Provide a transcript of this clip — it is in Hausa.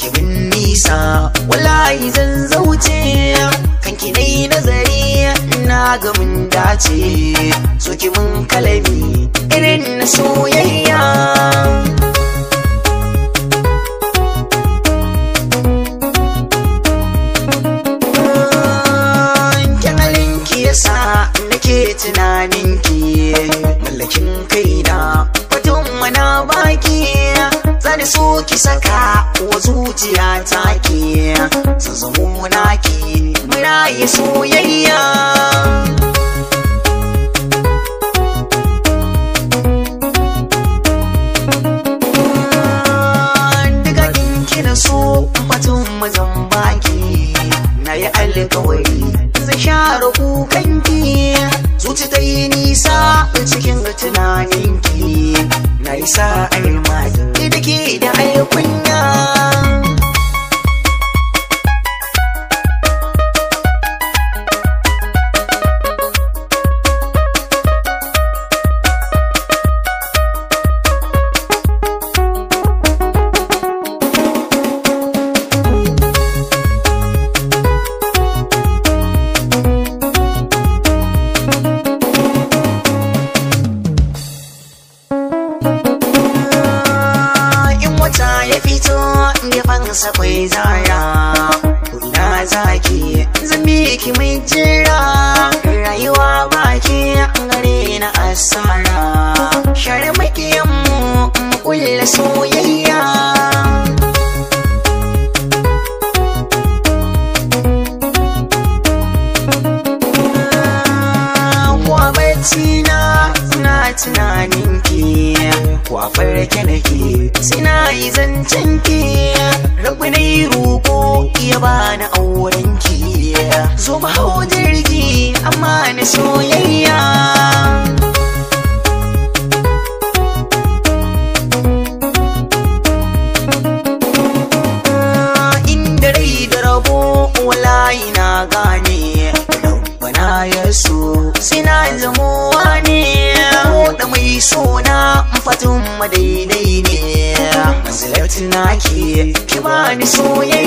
kanki min nisa wallahi zan zauce kanki dai nazari ina ga mun dace so ki mun kalami irin na soyayya yasa nake tunaninki mallakin kaina batun mana baki sani so ki saka wa zuciya ta ke ta zama naki muna yi soyayya zan baki na yi alkawari zan share kukanki zuci ta yi nisa cikin tunaninki na yi sa'ar fito gefansa kwai zara na zaki zambi ki mai jira rayuwa baki gare na asara share makiyanmu mu kulle soyayya tunaninki kwafar ke nake hau jirgi amma na soyayya inda rai da rabo walayi na gane bana ya so sina zamowa ne da mai sona fatin madaidai ne Zalatin na ke ki bani soyayya